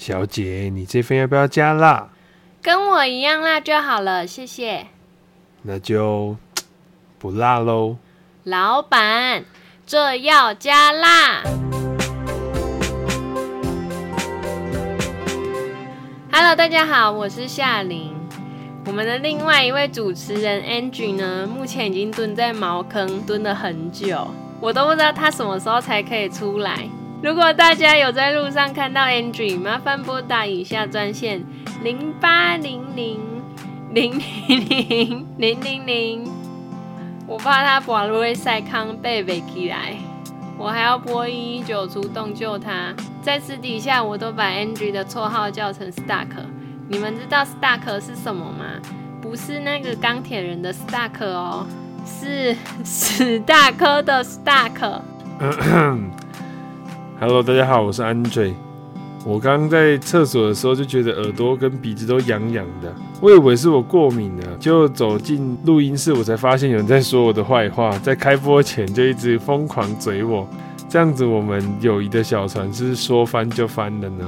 小姐，你這份要不要加辣？跟我一樣辣就好了，謝謝。那就不辣嘍。老闆，這要加辣。 Hello，大家好，我是夏琳。我們的另外一位主持人 Angie 呢，目前已經蹲在茅坑蹲了很久，我都不知道他什麼時候才可以出來。如果大家有在路上看到 Andre 麻煩撥打以下專線零八零零零零零零零零我怕他把盧威塞康貝貝起來，我還要撥一一九出動救他。在私底下，我都把 Andre 的綽號叫成 Stark。你們知道 Stark 是什麼嗎？不是那個鋼鐵人的 Stark 哦，是史大哥的 Stark。 Hello，大家好，我是 Andre。我剛剛在廁所的時候就覺得耳朵跟鼻子都癢癢的，我以為是我過敏了，就走進錄音室，我才發現有人在說我的壞話，在開播前就一直瘋狂嘴我，這樣子我們友誼的小船是說翻就翻的呢。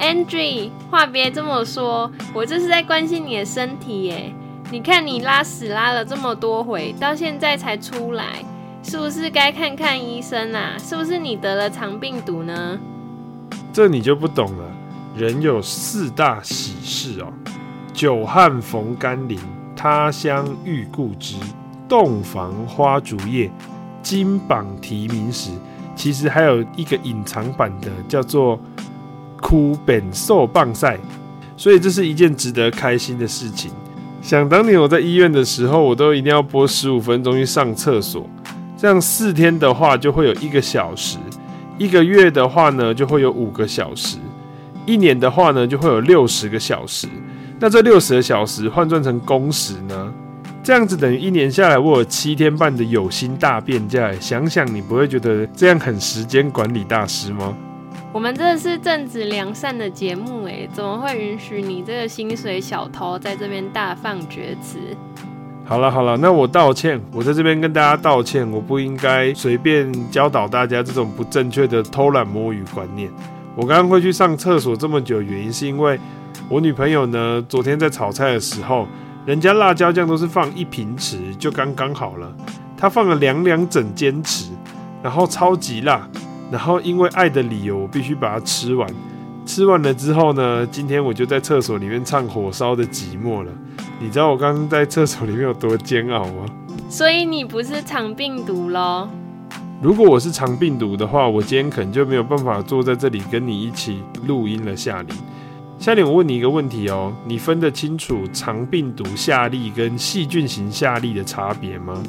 Andre，話別這麼說，我這是在關心你的身體耶。你看你拉屎拉了這麼多回，到現在才出來。是不是該看看醫生啦、啊？是不是你得了腸病毒呢？這你就不懂了。人有四大喜事哦：久旱逢甘霖、他鄉遇故知、洞房花燭夜、金榜題名時。其實還有一個隱藏版的，叫做哭本受棒賽。所以這是一件值得開心的事情。想當年我在醫院的時候，我都一定要撥十五分鐘去上廁所。這樣四天的話就會有一個小時，一個月的話呢就會有五個小時，一年的話呢就會有六十個小時。那這六十個小時換算成工時呢？這樣子等於一年下來我有七天半的有薪大便假、欸，想想你不會覺得這樣很時間管理大師嗎？我們這是正直良善的節目誒、欸，怎麼會允許你這個薪水小偷在這邊大放厥詞？好了好了，那我道歉，我在這邊跟大家道歉，我不應該隨便教導大家這種不正確的偷懶摸魚觀念。我剛剛會去上廁所這麼久，原因是因為我女朋友呢，昨天在炒菜的時候，人家辣椒醬都是放一平匙就剛剛好了，她放了兩兩整尖匙，然後超級辣，然後因為愛的理由，我必須把它吃完。吃完了之後呢，今天我就在廁所裡面唱《火燒的寂寞》了。你知道我剛剛在廁所裡面有多煎熬嗎？所以你不是腸病毒嘍？如果我是腸病毒的話，我今天可能就沒有辦法坐在這裡跟你一起錄音了夏。下痢，下痢，我問你一個問題哦，你分得清楚腸病毒下痢跟細菌型下痢的差別嗎？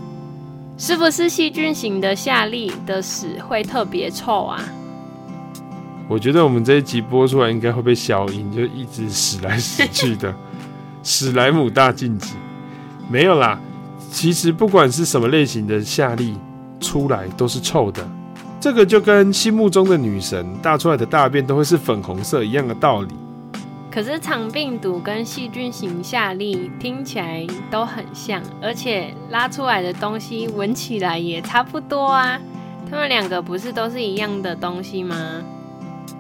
是不是細菌型的下痢的屎會特別臭啊？我覺得我們這一集播出來應該會被消音，就一直死來死去的。 史萊姆大鏡子，沒有啦，其實不管是什麼類型的下痢出來都是臭的，這個就跟心目中的女神大出來的大便都會是粉紅色一樣的道理。可是腸病毒跟細菌型下痢聽起來都很像，而且拉出來的東西聞起來也差不多啊，他們兩個不是都是一樣的東西嗎？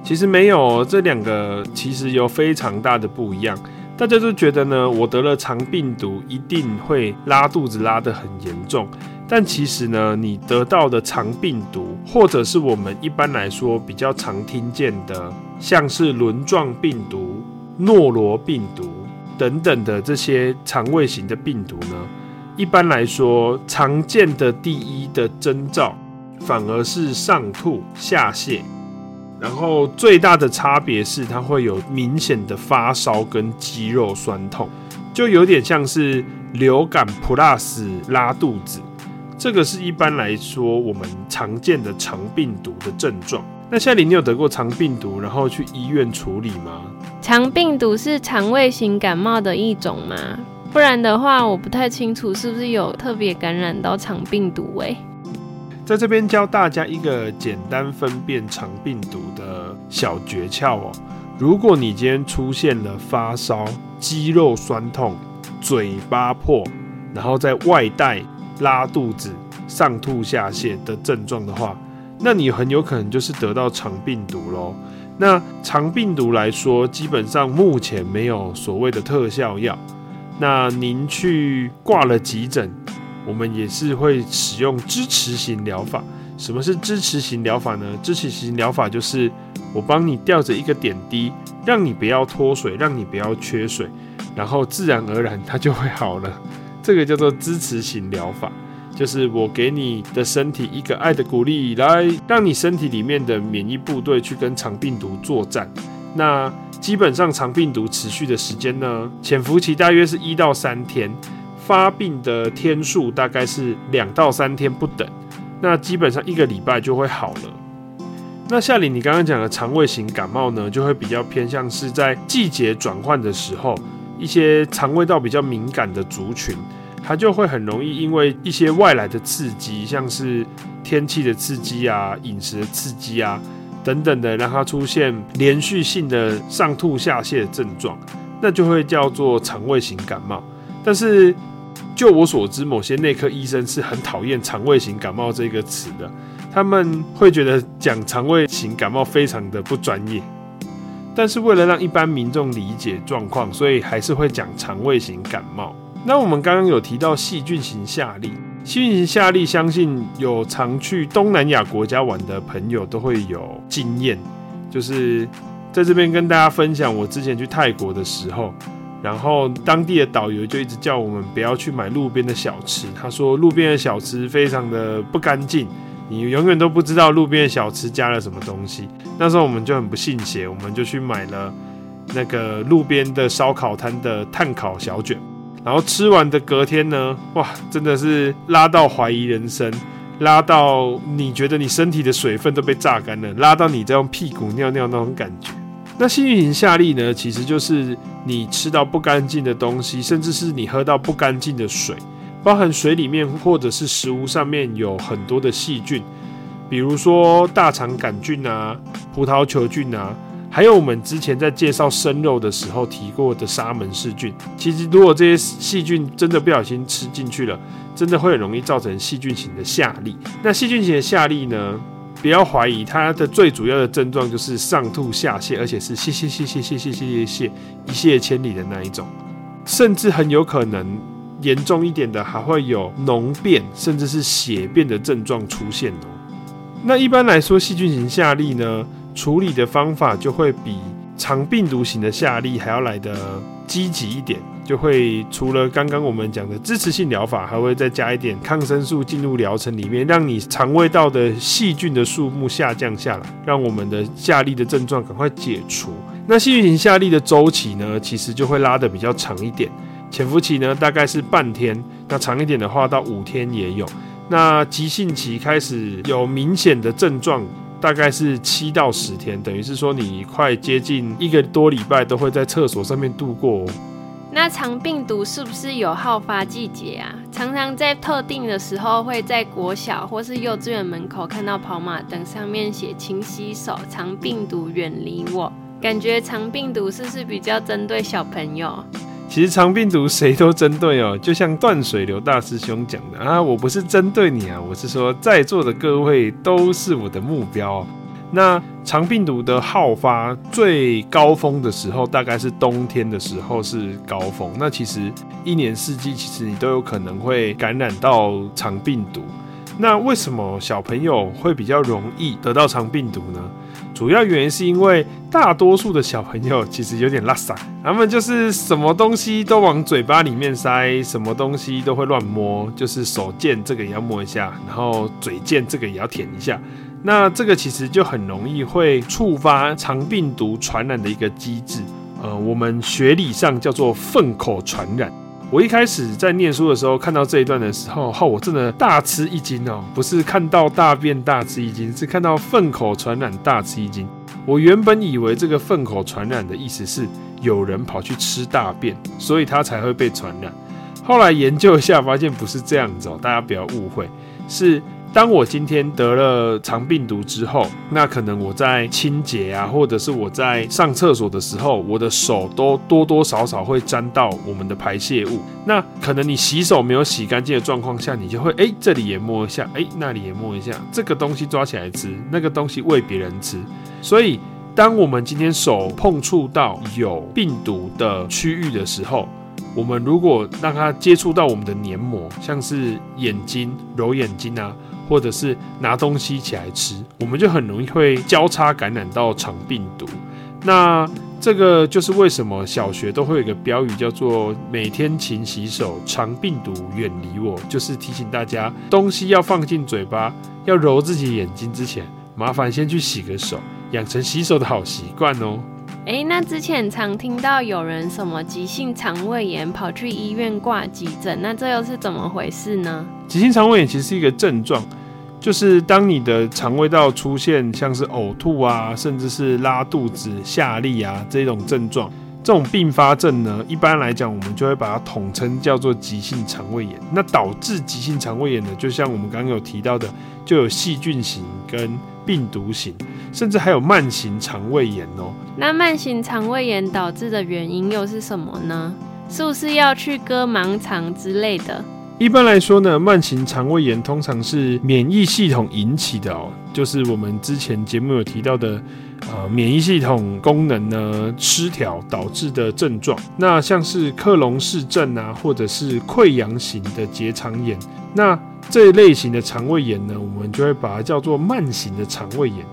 其實沒有，這兩個其實有非常大的不一樣。大家都覺得呢，我得了腸病毒一定會拉肚子，拉得很嚴重。但其實呢，你得到的腸病毒，或者是我們一般來說比較常聽見的，像是輪狀病毒、諾羅病毒等等的這些腸胃型的病毒呢，一般來說常見的第一的徵兆，反而是上吐下瀉。然後最大的差別是，它會有明顯的發燒跟肌肉酸痛，就有點像是流感 plus 拉肚子，這個是一般來說我們常見的腸病毒的症狀。那夏在，你有得過腸病毒，然後去醫院處理嗎？腸病毒是腸胃型感冒的一種嗎？不然的話，我不太清楚是不是有特別感染到腸病毒誒、欸。在這邊教大家一個簡單分辨腸病毒的小訣竅哦。如果你今天出現了發燒、肌肉痠痛、嘴巴破，然後再外帶拉肚子、上吐下瀉的症狀的話，那你很有可能就是得到腸病毒嘍。那腸病毒來說，基本上目前沒有所謂的特效藥。那您去掛了急診。我們也是會使用支持型療法。什麼是支持型療法呢？支持型療法就是我幫你吊着一個點滴，讓你不要脫水，讓你不要缺水，然後自然而然它就會好了。這個叫做支持型療法，就是我給你的身體一個愛的鼓勵，來讓你身體裡面的免疫部隊去跟腸病毒作戰。那基本上腸病毒持續的時間呢，潛伏期大約是一到三天。發病的天數大概是兩到三天不等，那基本上一個禮拜就會好了。那夏玲，你剛剛講的腸胃型感冒呢，就會比較偏向是在季節轉換的時候，一些腸胃道比較敏感的族群，它就會很容易因為一些外來的刺激，像是天氣的刺激啊、飲食的刺激啊等等的，讓它出現連續性的上吐下瀉的症狀，那就會叫做腸胃型感冒。但是就我所知，某些內科醫生是很討厭“腸胃型感冒”這個詞的，他們會覺得講“腸胃型感冒”非常的不專業。但是為了讓一般民眾理解狀況，所以還是會講“腸胃型感冒”。那我們剛剛有提到細菌型下痢，細菌型下痢，相信有常去東南亞國家玩的朋友都會有經驗，就是在這邊跟大家分享，我之前去泰國的時候。然後當地的導遊就一直叫我們不要去買路邊的小吃，他說路邊的小吃非常的不乾淨，你永遠都不知道路邊的小吃加了什麼東西。那時候我們就很不信邪，我們就去買了那個路邊的燒烤攤的炭烤小卷，然後吃完的隔天呢，哇，真的是拉到懷疑人生，拉到你覺得你身體的水分都被榨乾了，拉到你在用屁股尿尿那種感覺。那細菌型下痢呢，其實就是你吃到不乾淨的東西，甚至是你喝到不乾淨的水，包含水裡面或者是食物上面有很多的細菌，比如說大腸桿菌啊、葡萄球菌啊，還有我們之前在介紹生肉的時候提過的沙門氏菌。其實如果這些細菌真的不小心吃進去了，真的會很容易造成細菌型的下痢。那細菌型的下痢呢？不要懷疑，它的最主要的症狀就是上吐下瀉，而且是瀉瀉瀉瀉瀉瀉瀉瀉瀉一瀉千里的那一種，甚至很有可能嚴重一點的還會有膿便，甚至是血便的症狀出現哦。那一般來說，細菌型下痢呢，處理的方法就會比腸病毒型的下痢還要來得積極一點。就會除了剛剛我們講的支持性療法，還會再加一點抗生素進入療程裡面，讓你腸胃道的細菌的數目下降下來，讓我們的下痢的症狀趕快解除。那細菌性下痢的週期呢，其實就會拉得比較長一點，潛伏期呢，大概是半天，那長一點的話到五天也有。那急性期開始有明顯的症狀，大概是七到十天，等於是說你快接近一個多禮拜都會在廁所上面度過哦。那腸病毒是不是有好發季節啊？常常在特定的時候，會在國小或是幼稚園門口看到跑馬燈上面寫“勤洗手，腸病毒遠離我”。感覺腸病毒是不是比較針對小朋友？其實腸病毒誰都針對哦，就像斷水流大師兄講的啊，我不是針對你啊，我是說在座的各位都是我的目標。那腸病毒的好發，最高峰的時候，大概是冬天的時候是高峰。那其實一年四季，其實你都有可能會感染到腸病毒。那為什麼小朋友會比較容易得到腸病毒呢？主要原因是因為大多數的小朋友其實有點邋遢，他們就是什麼東西都往嘴巴裡面塞，什麼東西都會亂摸，就是手賤這個也要摸一下，然後嘴賤這個也要舔一下。那這個其實就很容易會觸發腸病毒傳染的一個機制，呃，我們學理上叫做糞口傳染。我一開始在念書的時候看到這一段的時候，哈，我真的大吃一驚哦！不是看到大便大吃一驚，是看到糞口傳染大吃一驚。我原本以為這個糞口傳染的意思是有人跑去吃大便，所以他才會被傳染。後來研究一下，發現不是這樣子哦、喔，大家不要誤會，是。當我今天得了腸病毒之後，那可能我在清潔啊，或者是我在上廁所的時候，我的手都多多少少會沾到我們的排泄物。那可能你洗手沒有洗乾淨的狀況下，你就會哎、欸、這裡也摸一下，哎、欸、那裡也摸一下，這個東西抓起來吃，那個東西餵別人吃。所以，當我們今天手碰觸到有病毒的區域的時候，我們如果讓它接觸到我們的黏膜，像是眼睛、揉眼睛啊。或者是拿東西起來吃，我們就很容易會交叉感染到腸病毒。那這個就是為什麼小學都會有一個標語，叫做“每天勤洗手，腸病毒遠離我”，就是提醒大家，東西要放進嘴巴，要揉自己眼睛之前，麻煩先去洗個手，養成洗手的好習慣哦。哎，那之前常聽到有人什麼急性腸胃炎跑去醫院掛急診，那這又是怎麼回事呢？急性腸胃炎其實是一個症狀，就是當你的腸胃道出現像是嘔吐啊，甚至是拉肚子、下痢啊這種症狀，這種併發症呢，一般來講我們就會把它統稱叫做急性腸胃炎。那導致急性腸胃炎呢，就像我們剛剛有提到的，就有細菌型跟。病毒型，甚至還有慢性腸胃炎哦。那慢性腸胃炎導致的原因又是什麼呢？是不是要去割盲腸之類的？一般來說呢，慢性腸胃炎通常是免疫系統引起的哦，就是我們之前節目有提到的，呃，免疫系統功能呢失調導致的症狀。那像是克隆氏症啊，或者是潰瘍型的結腸炎，那。這一類型的腸胃炎呢，我們就會把它叫做慢性的腸胃炎。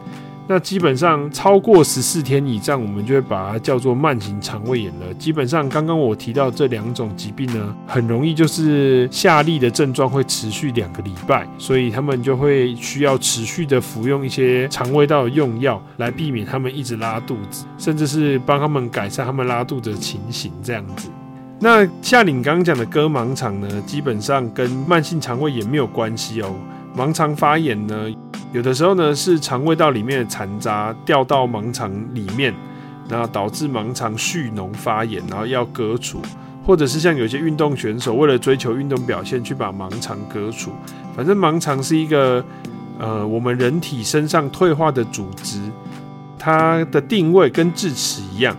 那基本上超過十四天以上，我們就會把它叫做慢性腸胃炎了。基本上，剛剛我提到這兩種疾病呢，很容易就是下痢的症狀會持續兩個禮拜，所以他們就會需要持續的服用一些腸胃道的用藥，來避免他們一直拉肚子，甚至是幫他們改善他們拉肚子的情形，這樣子。那像你剛剛講的割盲腸呢，基本上跟慢性腸胃炎沒有關係哦。盲腸發炎呢，有的時候呢是腸胃道裡面的殘渣掉到盲腸裡面，那導致盲腸蓄膿發炎，然後要割除，或者是像有些運動選手為了追求運動表現去把盲腸割除。反正盲腸是一個呃我們人體身上退化的組織，它的定位跟智齒一樣。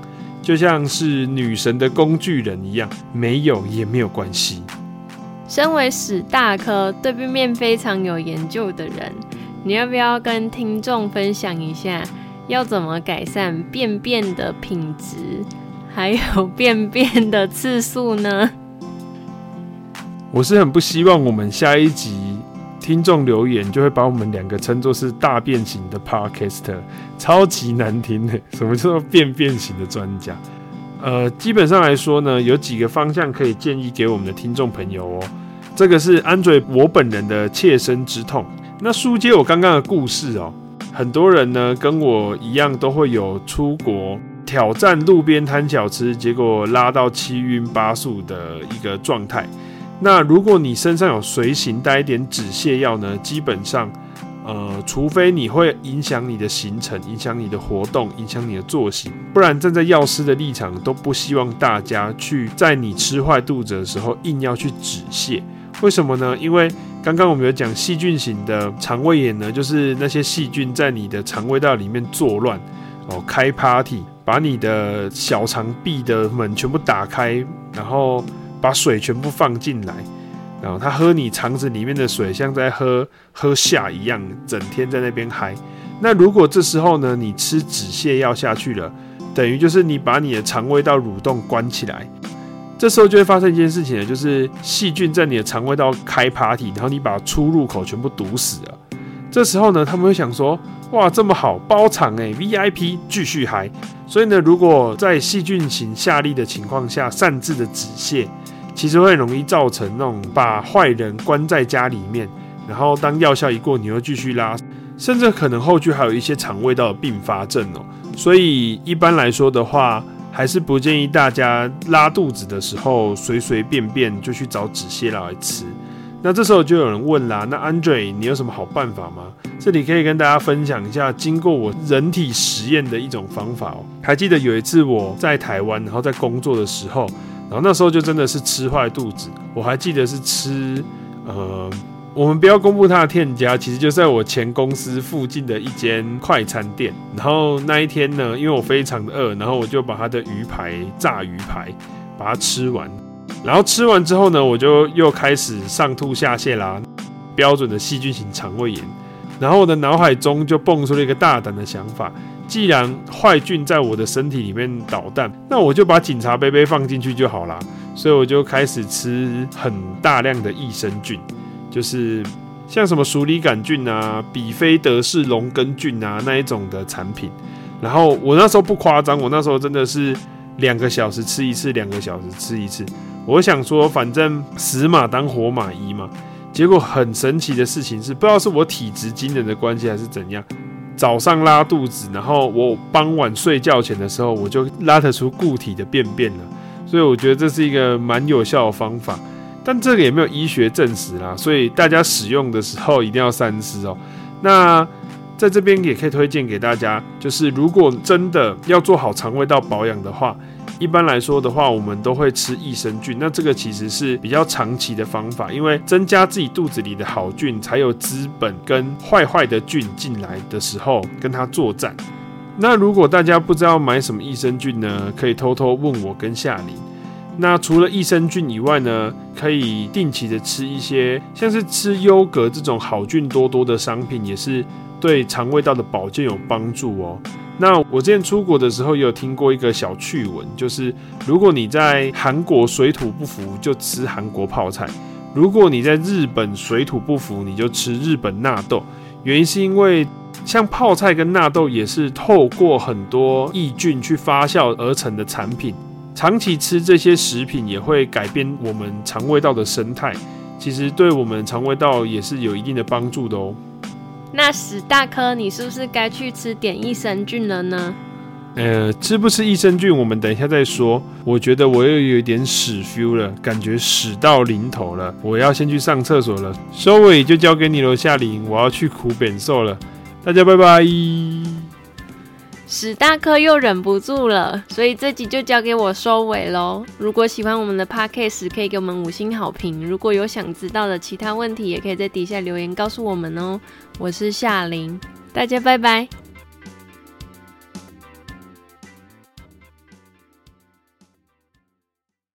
就像是女神的工具人一樣，沒有也沒有關係。身為史大科對便便非常有研究的人，你要不要跟聽眾分享一下，要怎麼改善便便的品質，還有便便的次數呢？我是很不希望我們下一集。聽眾留言就會把我們兩個稱作是大變形的 podcaster，超級難聽的、欸。什麼叫做變變形的專家？呃，基本上來說呢，有幾個方向可以建議給我們的聽眾朋友哦、喔。這個是 Andre 我本人的切身之痛。那書接我剛剛的故事哦、喔，很多人呢跟我一樣都會有出國挑戰路邊攤小吃，結果拉到七暈八素的一個狀態。那如果你身上有隨行帶一點止瀉藥呢？基本上，呃，除非你會影響你的行程、影響你的活動、影響你的作息，不然站在藥師的立場都不希望大家去在你吃壞肚子的時候硬要去止瀉。為什麼呢？因為剛剛我們有講細菌型的腸胃炎呢，就是那些細菌在你的腸胃道裡面作亂哦，開 party，把你的小腸壁的門全部打開，然後。把水全部放進來，然後他喝你腸子裡面的水，像在喝喝下一樣，整天在那邊嗨。那如果這時候呢，你吃止瀉藥下去了，等於就是你把你的腸胃道蠕動關起來。這時候就會發生一件事情呢，就是細菌在你的腸胃道開 party，然後你把出入口全部堵死了。這時候呢，他們會想說：哇，這麼好包場誒、欸、VIP 繼續嗨。所以呢，如果在細菌型下痢的情況下擅自的止瀉，其實會容易造成那種把壞人關在家裡面，然後當藥效一過，你又繼續拉，甚至可能後續還有一些腸胃道的併發症哦。所以一般來說的話，還是不建議大家拉肚子的時候隨隨便便就去找止瀉藥來吃。那這時候就有人問啦，那安德瑞，你有什麼好辦法嗎？這裡可以跟大家分享一下，經過我人體實驗的一種方法哦。還記得有一次我在台灣，然後在工作的時候。然後那時候就真的是吃壞肚子，我還記得是吃，呃，我們不要公布他的店家，其實就在我前公司附近的一間快餐店。然後那一天呢，因為我非常的餓，然後我就把他的魚排、炸魚排把它吃完。然後吃完之後呢，我就又開始上吐下瀉啦，標準的細菌型腸胃炎。然後我的腦海中就蹦出了一個大膽的想法。既然壞菌在我的身體裡面搗蛋，那我就把警察杯杯放進去就好啦。所以我就開始吃很大量的益生菌，就是像什麼鼠李桿菌啊、比菲德氏龍根菌啊那一種的產品。然後我那時候不誇張，我那時候真的是兩個小時吃一次，兩個小時吃一次。我想說，反正死馬當活馬醫嘛。結果很神奇的事情是，不知道是我體質驚人的關係，還是怎樣。早上拉肚子，然後我傍晚睡覺前的時候，我就拉得出固體的便便了，所以我覺得這是一個蠻有效的方法，但這個也沒有醫學證實啦，所以大家使用的時候一定要三思哦。那在這邊也可以推薦給大家，就是如果真的要做好腸胃道保養的話。一般來說的話，我們都會吃益生菌。那這個其實是比較長期的方法，因為增加自己肚子裡的好菌，才有資本跟壞壞的菌進來的時候跟它作戰。那如果大家不知道買什麼益生菌呢？可以偷偷問我跟夏琳。那除了益生菌以外呢，可以定期的吃一些，像是吃優格這種好菌多多的商品，也是。對腸胃道的保健有幫助哦、喔。那我之前出國的時候，有聽過一個小趣聞，就是如果你在韓國水土不服，就吃韓國泡菜；如果你在日本水土不服，你就吃日本納豆。原因是因為像泡菜跟納豆也是透過很多抑菌去發酵而成的產品，長期吃這些食品也會改變我們腸胃道的生態。其實對我們腸胃道也是有一定的幫助的哦、喔。那史大顆，你是不是該去吃點益生菌了呢？呃，吃不吃益生菌，我們等一下再說。我覺得我又有點屎 feel 了，感覺屎到臨頭了，我要先去上廁所了。收尾就交給你了，夏琳，我要去苦貶受了。大家拜拜。史大顆又忍不住了，所以這集就交給我收尾嘍。如果喜歡我們的 podcast，可以給我們五星好評。如果有想知道的其他問題，也可以在底下留言告訴我們哦。我是夏玲，大家拜拜。